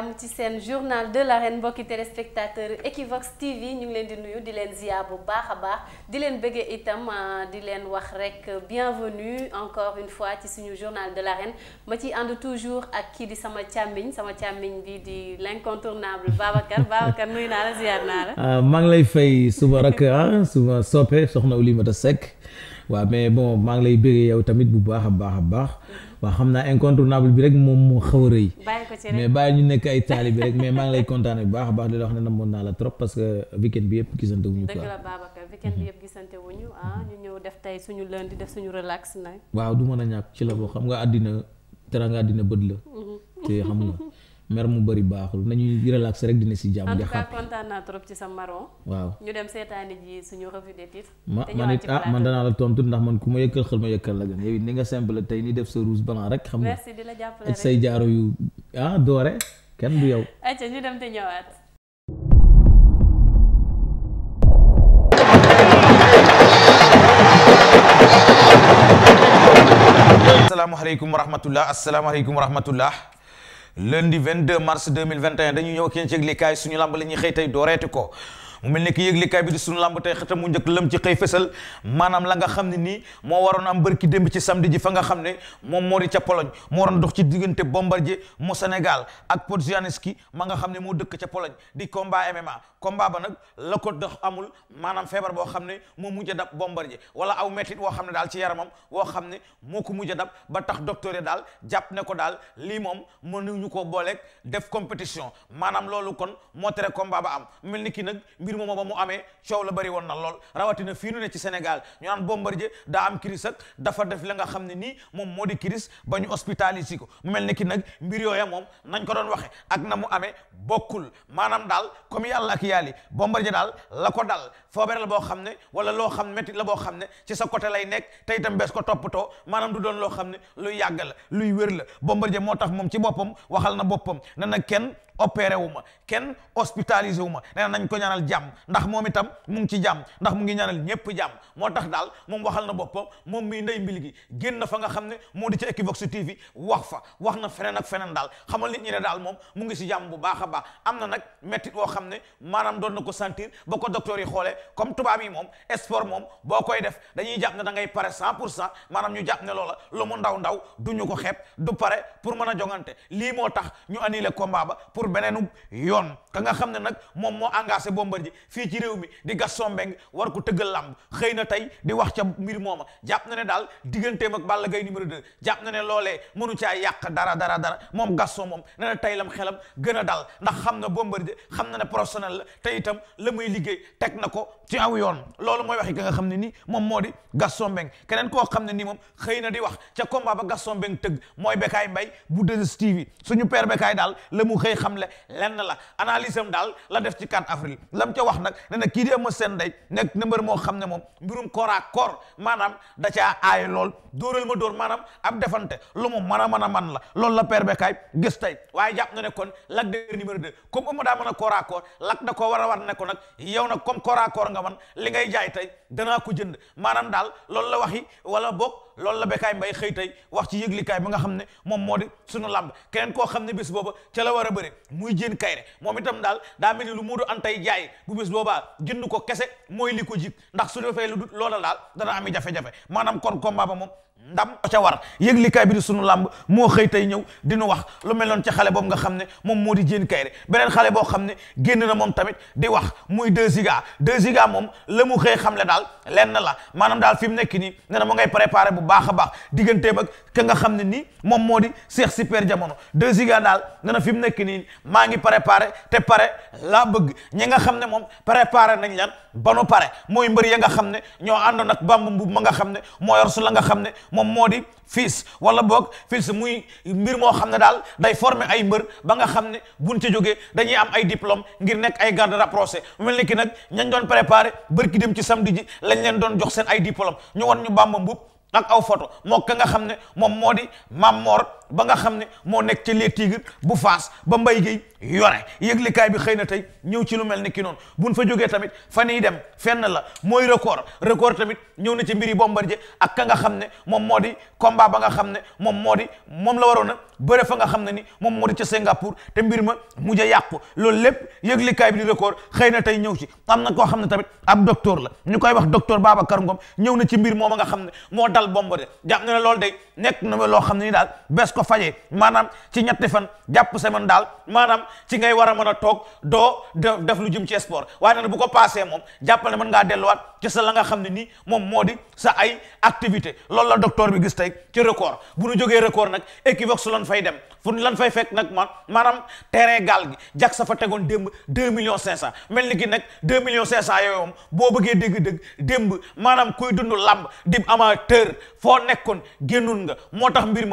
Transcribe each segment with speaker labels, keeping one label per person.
Speaker 1: jàmm ci seen journal de l'arène mbokki téléspectateur Equivox TV ñu ngi leen di nuyu di leen ziar bu baax a baax di leen bëggee itam ah, di leen wax rek bienvenue encore une fois ci suñu journal de l'arène ma ciy ànd toujours ak kii di sama càmmiñ sama càmmiñ bi di l'incontournable Babacar Babacar nuyu naa la ziar naa la. Ah,
Speaker 2: maa ngi lay fay suma rakk ah suma soppe soxna Oulimata Seck waaw mais bon maa lay bëggee yow tamit bu baax a baax. waaw xam naa incontournable bi rek moom moo xaw a rëy mais bàyyi ñu nekk ay taali bi rek mais maa ngi lay kontaane bu baax a baax di la wax ne namoon naa la trop parce weekend bi yëpp gisante wuñu quoi dëgg la
Speaker 1: Babacar weekend bi yëpp gisante wuñu ah, ñu ñëw def tey suñu lundi def suñu relax nag
Speaker 2: waaw du mën a ñàkk ci la boo xam nga àddina tera nga àddina bët la
Speaker 1: mm-hmm. te xam nga
Speaker 2: mer mu bëri baaxul nañuy relax rek dina si jàmm. di xam en tout cas
Speaker 1: kontaan naa trop waaw ñu dem seetaani ji suñu revue des ma man it ah man
Speaker 2: danaa la tontu ndax man ku ma yëkkal xel ma yëkkal la gën ni nga simple tey ni def sa rouge blanc rek. xam nga merci di say jaaro yu ah doore kenn du yow. ayca ñu dem te ñëwaat. lundi 22 mars 2021 dañu ñëw kenn ci yëglikaay suñu lamb la ñuy xëy tey dooreeti ko mu mel ne ki yëglikaay bi di sunu làmb tey xëtam mu njëkk lëm ci xëy fesal maanaam la nga xam ne nii moo waroon am bërki démb ci samedi ji fa nga xam ne moom moo di ca Pologne moo waroon dox ci diggante Bombardier mu Sénégal ak Podjanski ma nga xam ne moo dëkk ca Pologne di combat MMA combat ba nag la ko dox amul maanaam feebar boo xam ne moo mujj a dab wala aw mettit woo xam ne daal ci yaramam woo xam ne moo ko mujj ba tax docteur yi daal jàpp ne ko daal lii moom nu ñu ko booleeg def compétition maanaam loolu kon moo tere combat ba am mel ni ki nag mbir mooma ba mu amee coow la bari woon na lool rawatina fii nu ne ci Sénégal ñu naan Bombardier daa am kiris ak dafa def la nga xam ne nii moom moo di kiris ba ñu hospitalisé ko mu mel ni ki nag mbir yooya moom nañ ko doon waxe ak na mu amee bokkul maanaam daal comme yàlla ak yàlli Bombardier daal la ko dal foobere la boo xam ne wala loo xam métti la boo xam ne ci sa côté lay nekk tey tam bees ko toppatoo maanaam du doon loo xam ne luy yàgg luy wér la Bombardier moo tax moom ci boppam opéré wu ma kenn hospitalisé wu ma nañ ko ñaanal jàmm ndax moom itam mu ngi ci jàmm ndax mu ngi ñaanal ñépp jàmm moo tax daal moom waxal na boppam moom mi ndey mbili gi génn na fa nga xam ne moo di ci Equivox TV wax fa wax na feneen ak feneen daal xamal nit ñi ne daal moom mu ngi si jàmm bu baax a baax am na nag méttit woo xam ne maanaam doon na ko sentir boo ko docteur yi xoolee comme tubaab yi moom sport moom boo koy def dañuy jàpp ne da ngay pare cent pour cent maanaam ñu jàpp ne loola lu mu ndaw ndaw du ñu ko xeeb du a beneenu yoon ka nga xam ne nag moom moo engagé Bombardier fii ci réew mi di Gaston Mbengue war ko tëggal làmb xëy na tey di wax ca mbir mooma jàpp na ne daal digganteem ak Balla gay numéro de jàpp na ne loolee mënu caa yàq dara dara dara moom Gaston moom ne na tey lam xelam gën a daal ndax xam na Bombardier xam na ne professionnel la te itam la muy liggéey teg na ko ci aw yoon loolu mooy waxi ka xam ne nii moom moo di Gaston Mbengue keneen koo xam ne nii moom xëy na di wax ca combat ba Gaston Mbengue tëgg mooy Bekaay Mbay bu 2STV suñu père Bekaay daal xamle lenn la analyse daal la def ci 4 avril lam ca wax nag ne na kii di Eumeu Sène day nekk na mbër moo xam ne moom mbirum koor ak koor maanaam da caa aay lool dóoral ma dóor maanaam ab defante lu mu mën a mën a man la loolu la père Bekaay gis tey waaye jàpp na ne kon Lac de numéro 2 comme Eumeu daa mën a koor ak koor Lac ko war a war ne ko nag yow nag comme koor nga man li ngay jaay tey danaa ko jënd maanaam daal loolu la waxi wala boog loolu la Bekaay Mbay xëy tey wax ci yëglikaay bi nga xam ne moom moo di sunu làmb keneen koo xam ne bis booba ca la war a bëre muy jën kayre moom itam daal daa mel ni lu Modou Anta jaay bu bés boobaa jënd ko kese mooy li ko jik ndax su defee lu loola daal dana ami jafe-jafe maanaam kon combat ba moom ndam ca war yëglikaay bi di sunu làmb moo xëy tey ñëw dinu wax lu meloon ca xale boobu nga xam ne moom moo di jéen kayre beneen xale boo xam ne génn na moom tamit di wax muy deux ziga deux ziga moom la mu xëy xam le daal lenn la maanaam daal fi mu nekk nii ne na ngay préparé bu baax a baax digganteem ak ka nga xam ne nii moom moo di Cheikh Super Jamono deux ziga daal ne na fi mu nekk nii maa ngi préparé te pare laa bëgg ñi nga xam ne moom préparé nañ lan banu pare mooy mbër ya nga xam ne ñoo àndoon ak bamb mbub ma nga xam ne mooy yor su la nga xam ne moom moo di fiis wala boog fiis muy mbir moo xam ne daal day former ay mbër ba nga xam ne buñ ci jógee dañuy am ay diplôme ngir nekk ay garde rapproché mel ni ki nag ñañ doon préparé bërki dem ci sam ji lañ leen doon jox seen ay diplôme ñu won ñu bàmba mbub ak aw photo moo ka nga xam ne moom moo di moor ba nga xam ne moo nekk ca les Tigres bu faas ba mbay gi yore yëglikaay bi xëy na tey ñëw ci lu mel ni ki bu nu fa jógee tamit fan yi dem fenn la mooy record record tamit ñëw na ci mbiri Bombardier ak ka nga xam ne moom moo di combat ba nga xam ne moom moo di moom la waroon a bëre fa nga xam ne ni moom moo di ca Singapour te mbir ma mujj a yàqu loolu lépp yëglikaay bi di record xëy na tey ñëw ci am na koo xam ne tamit ab docteur la ñu koy wax docteur Babacar Ngom ñëw na ci mbir moom nga xam ne moo dal Bombardier jàpp na ne loolu day nekk na loo xam ne ni daal bes ko fajee maanaam ci ñetti fan jàpp man daal maanaam ci ngay war a mën a toog doo def lu jëm ci sport waaye nag bu ko passé moom jàppale man ngaa delluwaat ci sa langa xam ne nii moom moo di sa ay activité loolu la docteur bi gis tey ci record bu ñu jogee record nag Equivox lan fay dem fu lan fay fekk nag man maanaam terrain gaal gi jak sa fa tegoon démb deux millions cinq cent mel ni ki nag deux millions cinq cent yooyu moom boo bëggee dégg-dégg démb maanaam kuy dund làmb di amateur foo nekkoon génnoon nga tax mbir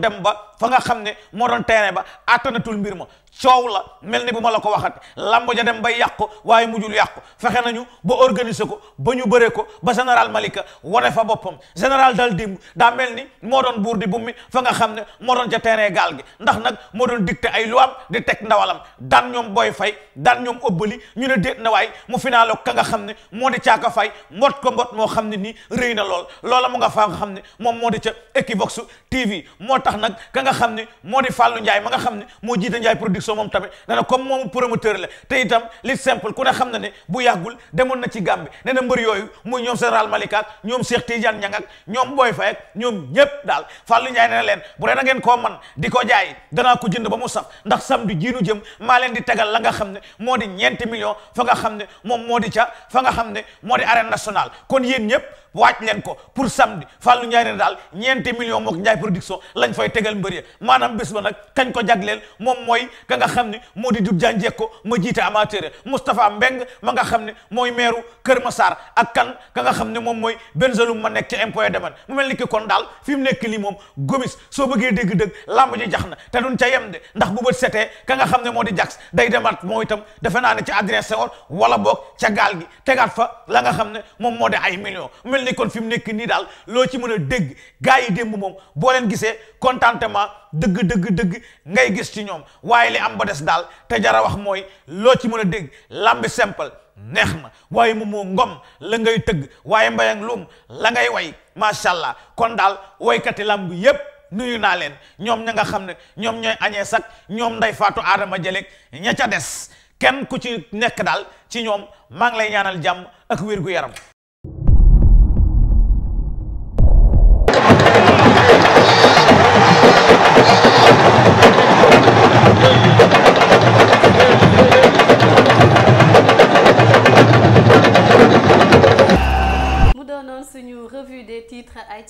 Speaker 2: dem ba fa nga xam ne moo doon terrain ba attanatul mbir ma coow la mel ni bu ma la ko waxat lamb ja dem bay yàqu waaye mujjul yàqu fexe nañu ba organiser ko ba ñu bëree ko ba général Malika wane fa boppam général dal dimb daa mel ni moo doon buur di bummi fa nga xam ne moo doon ca terrain gaal gi ndax nag moo doon dicté ay luwaam teg ndawalam daan ñoom booy fay daan ñoom ëbbali ñu ne déet na waay mu finaalo ka nga xam ne moo di caaka fay mbot ko mbot moo xam ne nii rëy na lool loola mu nga faa xam ne moom moo di ca Equivox TV moo tax nag ka nga xam ne moo di Fallou Ndiaye ma nga xam ne moo jiite Ndiaye production moom tamit nee na comme moom promoteur la te itam li simple ku ne xam na ne bu yàggul demoon na ci Gàmbi nee na mbër yooyu muy ñoom général Malika ñoom Cheikh Tidiane Niang ak ñoom Boy Faye ñoom ñëpp daal Fallou Ndiaye nee na leen bu dee da ngeen koo man di ko jaay danaa ko jënd ba mu saf ndax sam samedi jiinu jëm maa leen di tegal la nga xam ne moo di ñeenti million fa nga xam ne moom moo di ca fa nga xam ne moo di arène nationale kon yéen ñëpp waaj leen ko pour samedi Fallou Ndiaye ne daal ñeenti million mook Ndiaye production lañ fay tegal mbër ya maanaam bés ba nag kañ ko jagleel moom mooy ka nga xam ne moo di Doudou Diagne Diecko ma jiite amateur Moustapha Mbeng ma nga xam ne mooy meeru Kër ma Massar ak kan ka nga xam ne moom mooy Benzelum ma nekk ca impôt deman mu mel ni ki kon daal fi mu nekk li moom gomis soo bëggee dégg-dëgg lamb ji jax na te ca yem de ndax bu bët setee ka nga xam ne moo di jax day demaat moo itam defe naa ne ci adresse wala boog ca gaal gi tegaat fa la nga xam ne moom moo di ay million kon fi mu nekk nii daal loo ci mën a dégg gars yi démb moom boo leen gisee contentement dëgg dëgg dëgg ngay gis ci ñoom waaye li am ba des daal te jara wax mooy loo ci mën a dégg lambi simple neex na waaye moom moo ngom la ngay tëgg waaye mbayang luum la ngay way macha allah kon daal waykati lamb yépp nuyu naa leen ñoom ña nga xam ne ñoom ñooy añee sax ñoom nday faatu aadama jëleeg ña ca des kenn ku ci nekk daal ci ñoom maa ngi lay ñaanal jàmm ak wér gu yaram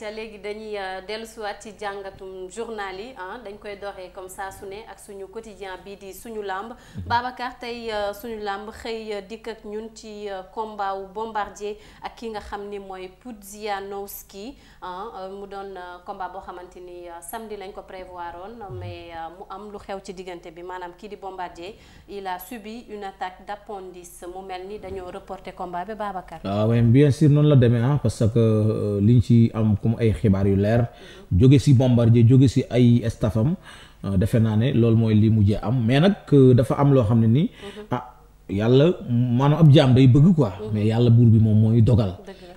Speaker 1: ayca léegi dañuy euh, dellusiwaat ci jàngatum journal yi ah, dañ koy doxee comme ça su ne ak suñu quotidien bii di suñu làmb mm-hmm. Babacar tey euh, suñu làmb xëy euh, dikk ak ñun ci combat wu bombardier ak ki nga xam ni mooy Pudzianowski ah, mu doon combat boo xamante ni samedi lañ ko prévoir prévoiroon mm-hmm. mais mu am lu xew ci diggante bi maanaam kii di bombardier illa a subi une attaque d'appendice mu mel ni dañoo reporté combat bi Babacar. waaw
Speaker 2: ah, bien sûr noonu la demee parce que liñ ci am. comme ay xibaar yu leer jóge si Bombardier jóge si ay stafam euh, defe naa ne loolu mooy li mujjee am mais nag euh, dafa am loo xam ne ni mhm. ah yàlla maanaam ab jaam day bëgg quoi mhm. mais yàlla buur bi moom mooy dogal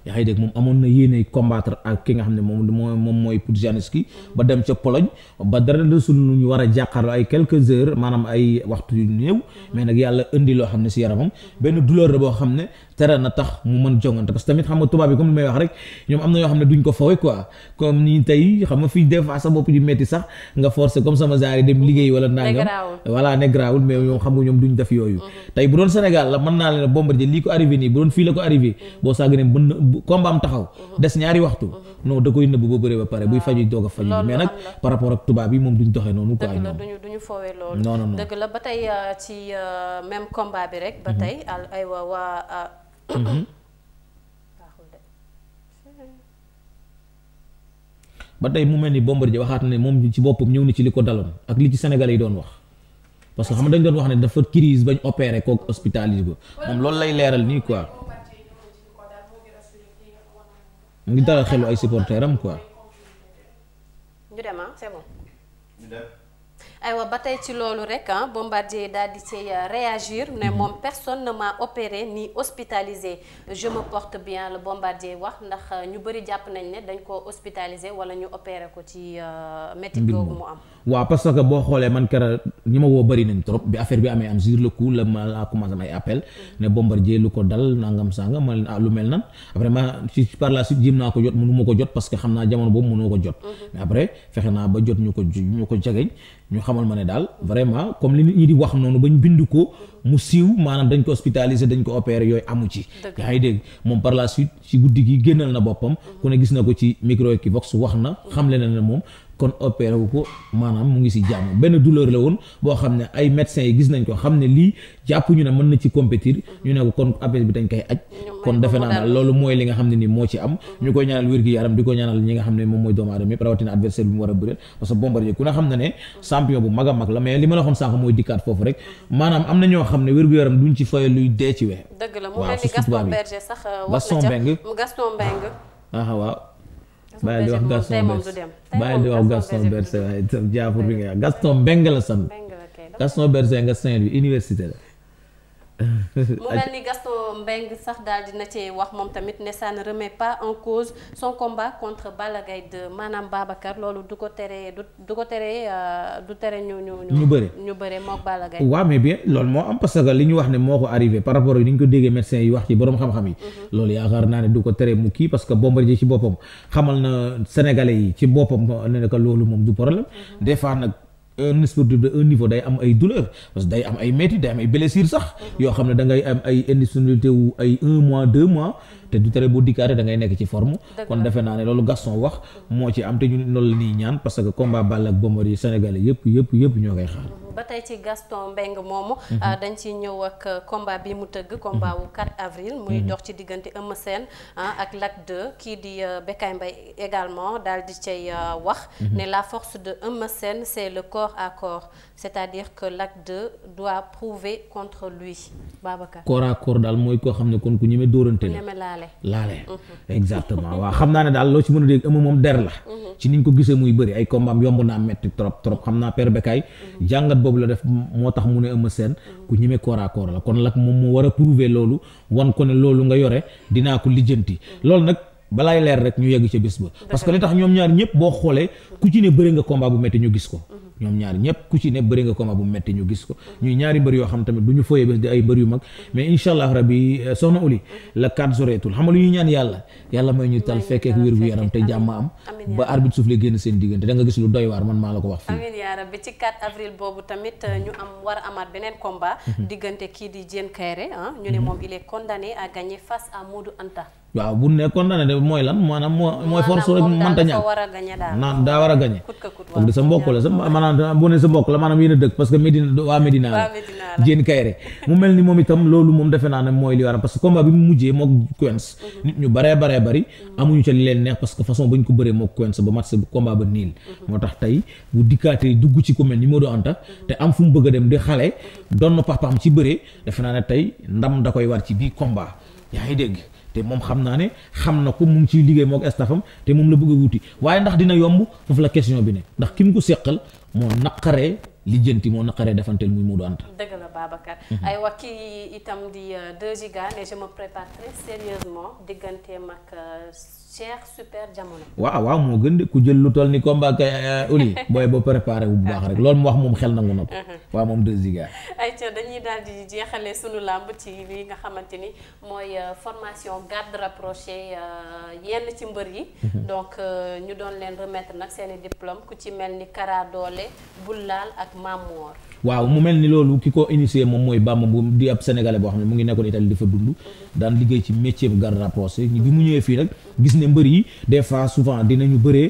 Speaker 2: yaa ngi dégg moom amoon na yéene combattre ak ki nga xam ne moom moom mooy Pudzianski mhm. ba dem ca Pologne ba dara desul lu ñu war a jàkkaarloo ay quelques ay waxtu yu néew mais nag yàlla indi loo xam ne si yaramam benn douleur boo xam ne tere na tax mu mën jongante parce que tamit xam nga tubaab bi comme li may wax rek ñoom am na yoo xam ne duñ ko fawee quoi comme ni tey xam nga fii des fois sa bopp di metti sax nga forcé comme sama genre dem mhm. liggéey wala nangam voilà ne grawul mais ñoom xam duñ def yooyu mhm. tey bu doon Sénégal la mën naa leen Bombardier lii ko arrivé nii bu doon fii la ko arrivé mhm. boo saaga ne mën na combat taxaw des ñaari waxtu non da koy nëbb ba bëre ba pare a Mm-hmm. ba tey mu mel ni Bombardier waxaat ne moom ci boppam ñëw na ci li ko daloon ak li ci Sénégalais yi doon wax parce que xam nga dañ doon wax ne dafa crise bañ opeere kook hospitalisé ko moom loolu lay leeral nii quoi mu ngi dalal xelu ay supporteram quoi.
Speaker 1: aywa ba tey ci loolu rek ah Bombardier daal di ci euh, réagir ne mm-hmm. moom personne ne m'a opéré ni hospitalisé je me porte bien le Bombardier wax ndax euh, ñu bëri jàpp nañ ne dañ ko hospitalisé wala ñu opéré ko ci euh, métit googu mu am
Speaker 2: waaw parce que boo xoolee man kera ñi ma woo bari nañ trop bi affaire bi amee am sur le coup la ma laa commencé am ay appel ne Bombardier lu ko dal nangam sanga ma leen ah lu mel nan après ma ci par la suite jéem naa ko jot mënu ko jot parce que xam naa jamono boobu mënoo ko jot mhm. mais après naa ba jot ñu ko ñu ko jegeñ ñu xamal ma ne daal vraiment comme li nit ñi di wax noonu ñu bind ko mu siiw maanaam dañ ko hospitalisé dañ ko opéré yooyu amu ci yaa ngi dégg moom par la suite ci guddi gi génnal na boppam ku ne gis na ko ci micro Equivox wax na mhm. xam le na ne moom kon opéré wu ko maanaam mu ngi si jàmm benn douleur la woon boo xam ne ay médecins yi gis nañ ko xam ne lii jàpp ñu ne mën na ci compétir ñu ne ko kon appel bi dañ koy aj kon defe naa daal loolu mooy li nga xam ne ni moo ci am mm-hmm. ñu koy ñaanal wér gi yaram di ko ñaanal ñi nga xam ne moom mooy doomu aadama yëpp adversaire bi mu war a bëréel parce que Bombardier ku ne xam ne ne champion bu mag a mag la mais li ma la waxoon sànq mooy dikkaat foofu rek mm-hmm. bàyyi di wax Gaston Berger bàyyi di wax Gaston Berger waaye itam jaafur bi nga Gaston Beng Gaston Berger nga Saint-Louis université la
Speaker 1: mu mel ni Gaston Mbengue sax daal na ci wax moom tamit ne ça ne remet pas en cause son combat contre Balla Gaye maanaam Babacar loolu du ko teree du du ko teree euh, du tere ñu ñu ñu. ñu bëre ñu bëre moog Balla Gaye.
Speaker 2: mais bien loolu moo am parce que li ñu wax ne moo ko arrivé par rapport ak ni ñu ko déggee médecin yi wax ci borom xam-xam yi. Mhm. loolu yaakaar naa ne du ko tere mu kii parce que Bombardier ci boppam xamal na sénégalais yi ci boppam ne ne loolu moom du problème mhm. des un sportif de haut niveau day am ay douleur parce que day am ay métti day am ay blessure sax yoo xam ne da ngay am ay indisponibilité wu ay un mois deux mois te du tere boo dikkaate da ngay nekk ci forme kon defe naa ne loolu Gaston wax moo ci am te ñu loolu la ñuy ñaan parce que combat Balla ak Bombardier Sénégalais yëpp yëpp yëpp ñoo koy xaar
Speaker 1: ba tey ci Gaston Mbengue moomu. Mhm. Euh, dañ ci ñëw ak euh, combat bi mu tëgg. combat wu 4 avril. muy mhm. dox ci diggante Eumeu Sène ak Lac 2 kii di euh, Bécaye Mbaye également daal di cay wax. Mhm. ne la force de Eumeu Sène c'est le corps à corps c'est-à-dire que Lac de doit prouver contre lui Babacar. corps à corps
Speaker 2: daal mooy koo xam ne kon ku ñeme dóorante la. ñeme
Speaker 1: laale laale.
Speaker 2: exactement waaw xam naa ne daal loo ci mën a dégg Eumeu moom der la. ci niñ ko gisee muy bëri ay combat am yomb naa metti xam naa Père Bécaye boobu la def moo tax mu ne Eumeu Sène ku ñeme corps à la kon nag moom mu war a prouver loolu wan ko loolu nga yore dinaa ko lijjanti loolu nag balaay leer rek ñu yegg ca bés ba parce que li tax ñoom ñaar ñëpp boo xoolee ku ci ne bëri nga combat bu metti ñu gis ko mm-hmm. ñu gis ko ñuy ñaari mbër yoo xam tamit du ñu fooyee bés di ay mbër yu mag mais incha allah rabbi euh, soxna uli mm-hmm. la kat soreetul xam nga lu ñuy ñaan yàlla yàlla may ñu tal fekkeek wér gu yaram te jàmm am ba arbitre suuf la génn seen diggante da gis lu doy waar man maa la ko wax fii amiin
Speaker 1: ci 4 avril boobu tamit euh, ñu am war amaat beneen combat mm-hmm. di Diène Kairé ah. ñu ne moom il
Speaker 2: waaw bu nekkoon na ne de mooy lan maanaam moo mooy force rek mënta ñàkk naan daa war a gañe comme di sa mbokk la sa maanaam bu ne sa mbokk la maanaam yéen a dëkk parce que Médina waa Médina la jéen kayre mu mel ni moom itam loolu moom defe naa ne mooy li war a parce que combat bi mu mujjee mook Quench mhm. nit ñu baree baree bari mhm. amuñu ca li leen neex parce que façon ba ñu ko bëree mook Quench ba match bu combat ba niil mhm. moo tax tey bu dikkaatee dugg ci ku mel ni Modou Anta te am fu mu bëgg a dem di xale doon na papaam ci bëree defe naa ne tey ndam da koy war ci bii combat yaa ngi dégg te moom xam naa ne xam na ko mu ngi ciy liggéey moog estafam te moom la bëgg a wuti waaye ndax dina yomb foofu la question bi ne ndax ki mu ko seqal moo naqaree lijjanti moo naqaree defanteel muy doon Anta.
Speaker 1: dëgg la Babacar. Mhm. ay wax kii itam di 2 giga ne je me prépare très sérieusement digganteem ak euh, Cheikh Super Jamono.
Speaker 2: waaw waaw moo gën de ku jël lu toll ni combat kay euh, euh, Oli booy boo préparé wu bu baax rek loolu mu wax moom xel nangu na mhm. waaw moom 2 giga.
Speaker 1: ay ca dañuy daal di jeexale sunu làmb ci li nga xamante ni mooy formation garde rapprochée yenn ci mbër yi. Mhm. donc ñu doon leen remettre seen i mel ni Kara ak Maam
Speaker 2: waaw mu mel ni loolu ki ko initié moom mooy Bamba bu di ab sénégalais boo xam ne mu ngi nekkoon Italie dafa dund daan liggéey ci métier bu garde rapproché bi mu ñëwee fii nag gis ne mbër yi des fois souvent dinañu bëree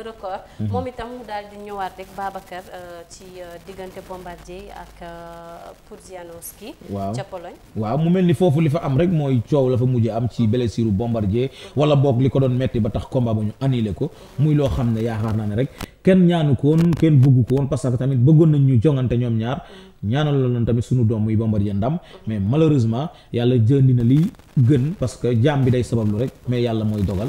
Speaker 1: le record. Mhm. moom itam mu daal di ñëwaat rek Babacar euh, ci euh, diggante Bombardier ak euh, Pudzianowski. waaw ca Pologne.
Speaker 2: waaw mu mel ni foofu li fa am rek mooy coow la fa mujj am ci blessure Bombardier wala boog li ko doon metti ba tax combat ba ñu annulé ko muy loo xam ne yaakaar naa ne rek. kenn ñaanu ko woon kenn bëggu ko woon parce que tamit bëggoon nañ ñu jongante ñoom ñaar ñaanal loon tamit suñu doom muy Bombardier ndam mais malheureusement yàlla jëndi na li gën parce que jaam bi day sabablu rek mais yàlla mooy dogal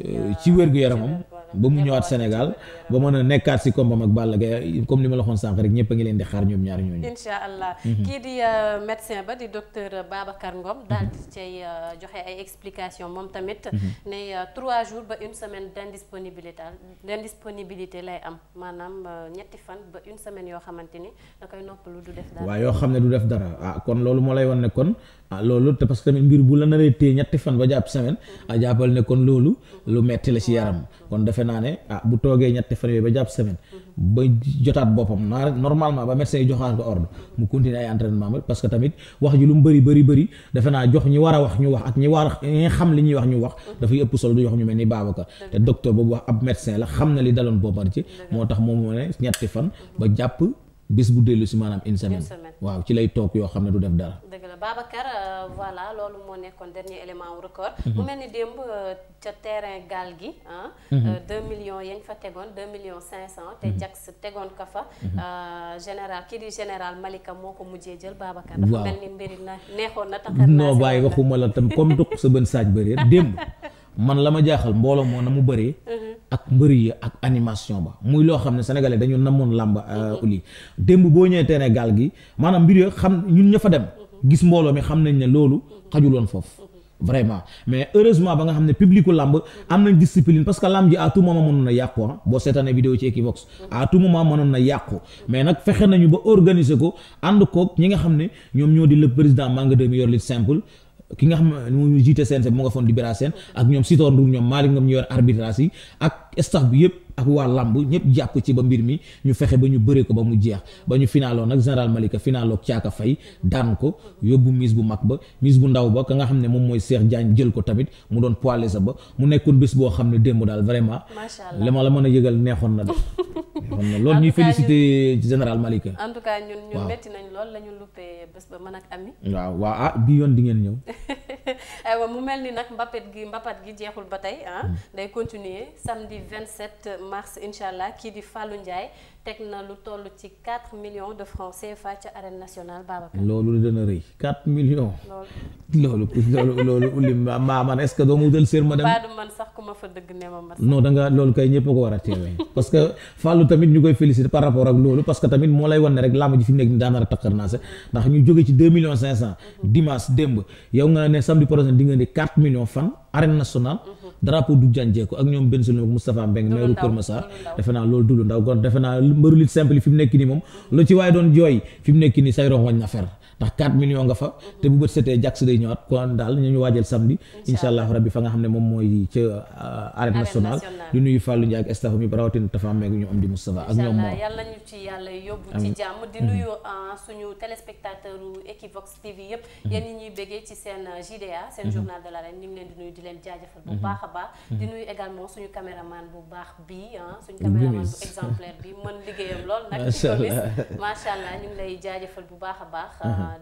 Speaker 2: Euh, ci wér-gu-yaramam ba mu ñëwaat Sénégal ba mën a nekkaat si combat ak Balla Gaye comme li ma la waxoon sànq rek ngi leen di xaar ñoom ñaar ñooñu.
Speaker 1: incha allah mhm. kii di euh, médecin ba di docteur euh, Babacar Ngom mhm. daal di cay joxe ay explication moom tamit. Mhm. ne trois jours ba une semaine d' indisponibilité d' indisponibilité lay am maanaam ñetti fan ba une semaine yoo xamante ni da koy noppalu du def dara. waaw yoo xam
Speaker 2: ne du def dara ah kon loolu moo lay wan ne kon. ah loolu te parce que tamit mbir bu la naree téye ñetti fan ba jàpp semaine ah jàppal ne kon loolu lu metti la ci yaram kon defe naa ne ah bu toogee ñetti fan yooyu ba jàpp semaine ba jotaat boppam naa normalement ba médecin yi joxaat ko ordre mu continuer ay entraînement que tamit wax ji lu mu bëri bëri bëri defe naa jox ñi war a wax ñu wax ak ñi war xam li ñuy wax ñu wax dafay ëpp solo du jox ñu mel ni Babacar te docteur boobu wax ab médecin la xam na li daloon Bombardier moo tax moom moo ne ñetti fan ba jàpp bis bu dellu si maanaam une semaine. waaw ci lay toog yoo xam ne du def dara.
Speaker 1: dëgg la Babacar euh, voilà loolu moo nekkoon dernier élément wu record. Mhm. mu mel ni démb euh, ca terrain gaal gi. 2 mhm. euh, millions yañ fa tegoon 2 millions 500. te mhm. Jax tegoon ka fa. général ki di général Malika moo ko mujjee jël Babacar. waaw dafa mel ni mbiri na neexoon na. taxaw naa non waaye waxuma la tam comme dox sa bën
Speaker 2: saaj bëri démb. man la ma jaaxal mbooloo moo na mu bëree mhm. ak mbëri yi ak animation ba muy loo xam ne sénégalais dañu namoon làmb uli euh, mhm. démb boo ñëwee teene gi maanaam mbir yo xam ñun ña fa dem mhm. gis mbooloo mi xam nañ ne loolu xajuloon foofu vraiment mais heureusement ba nga xam ne publicu làmb am nañ discipline parce que làmb ji à tout moment mënoon na yàqu ah. boo seetaanee vidéo ci Equivox à tout moment na yàqu mais nag fexe nañu ba organiser ko ànd koog ñi nga xam ne ñoom ñoo di le président Manga 2 mi yor lit ki nga xam ne moom ñu jiite CNG mu nga foon Libéra Sène ak ñoom Sitor Ndour ñoom Malick Ngom ñu yor arbitrage yi ak staff bi yëpp ak waa làmb ñëpp jàpp ci ba mbir mi ñu fexe ba ñu bëree ko ba mu jeex ba ñu finaloo nag général Malika finaloo caaka fay daan ko yóbbu mise bu mag ba mise bu ndaw ba ka nga xam ne moom mooy Cheikh Diagne jël ko tamit mu doon poilé sa ba mu nekkoon bés boo xam ne démb daal vraiment li ma la mën a yëgal neexoon na de
Speaker 1: xam na loolu ñuy félicité général Malick en tout cas ñun ñun metti nañ lool la ñu luppee bés ba mën ak ami
Speaker 2: waaw waaw ah bii yoon di ngeen ñëw
Speaker 1: aywa mu mel ni nag mbapat gi mbapat gi jeexul ba tey ah hmm. day continuer samedi 27 mars incha allah kii di Fallou Ndiaye teg na lu toll ci 4 millions de francs CFA ca arène nationale Babacar.
Speaker 2: loolu dana rëy 4 millions. loolu loolu loolu lim maa man est-ce que doo ma wutal sër ma dem. baadu man sax ku ma fa dëgg ne ma. non da nga loolu kay ñëpp a ko war a teewee parce que Fallou tamit ñu koy féliciter par rapport ak loolu parce que tamit moo lay wan ne rek làmb ji fi nekk nii daan na takkar naa ndax ñu jóge ci 2 millions 500. Mm-hmm. dimanche démb yow nga ne di nga ne 4 millions fan. arène nationale mhm. drapeau du janjeeko ak ñoom benn ak Moustapha Mbeng meeru Kër Massar defe naa loolu dulu ndaw kon defe naa mbaru lit simple fi mu nekk nii moom lu ci waaye doon jooy fi mu nekk nii say rox wañ na fer ndax 4 millions nga fa te bu bët jàkk si day ñëwaat kon daal ñu waajal samedi incha allah rabbi fa nga xam ne moom mooy ca euh, arène nationale di nuyu Fallou Ndiaye ak mi rawatina am di moom yàlla
Speaker 1: ñu ci yàlla yóbbu ci jàmm di nuyu euh, suñu téléspectateur u TV yëpp yéen ñi ñuy béggee ci seen euh, JDA seen journal de l'arène ñu ngi leen di nuyu di leen jaajëfal bu baax a baax di nuyu également suñu caméraman bu baax bi suñu caméraman bu exemplaire bi mën liggéeyam lool nag macha allah ñu ngi lay bu baax a baax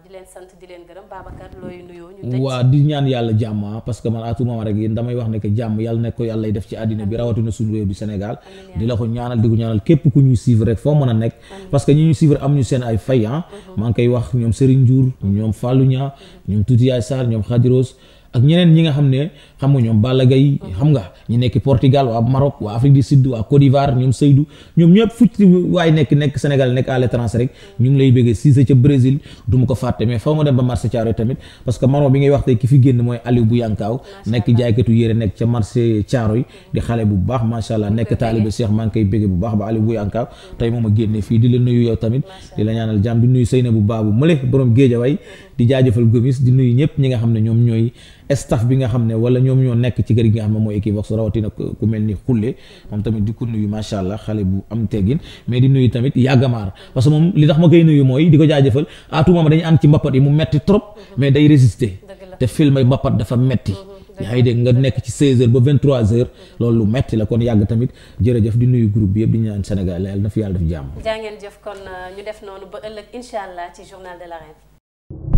Speaker 1: di leen sant di leen gërëm Babacar looy nuyoo
Speaker 2: waa di ñaan yàlla jàmm parce que man à tout moment rek yéen damay wax ne que jàmm yàlla nekk ko yàlla lay def ci àddina bi rawatina suñu réew du Sénégal di la ko ñaanal di ko ñaanal képp ku ñuy suivre rek foo mën a nekk parce que ñi ñuy suivre am ñu seen ay fay ah mhm. maa ngi wax ñoom Serigne Ndiour ñoom Fallou Nia mhm. ñoom Tuuti Yaay Sarr ñoom Khadiros ak ñeneen ñi nga xam ne xam nga ñoom Balla Gaye xam nga ñu nekk Portugal waa Maroc waa Afrique du Sud waa Côte d'Ivoire ñoom Seydou ñoom ñëpp fu ci waaye nekk nekk Sénégal nekk à l'étranger ñu ngi lay bëggee Cissé ca Brésil ma ko fàtte mais faw ma dem ba marché tamit parce que Maroc bi ngay wax tey ki fi génn mooy Aliou Bouyankaaw nekk jaaykatu yére nekk ca marché Thiaroye di xale bu baax macha allah nekk taalibe Cheikh maa ngi bu baax ba Aliou Bouyankaaw tey moom génne fii di la nuyu tamit di la ñaanal jàmm di nuyu Seyna bu baabu mële borom Géejawaay di jaajëfal Gomis di nuyu ñëpp ñi nga xam ne ñoom ñooy staff bi nga xam ne wala ñoom ñoo nekk ci kër gi nga xam ne mooy Equivox rawatina ku mel ni xulle moom tamit di ko nuyu macha allah xale bu am teggin mais di nuyu tamit yàggamaar ma dafa metti yaa ngi nga nekk ci 16 heures ba 23 heures loolu metti la kon yàgg tamit jërëjëf di nuyu groupe bi yëpp di ñaan Sénégal yàlla na yàlla
Speaker 1: def jàmm.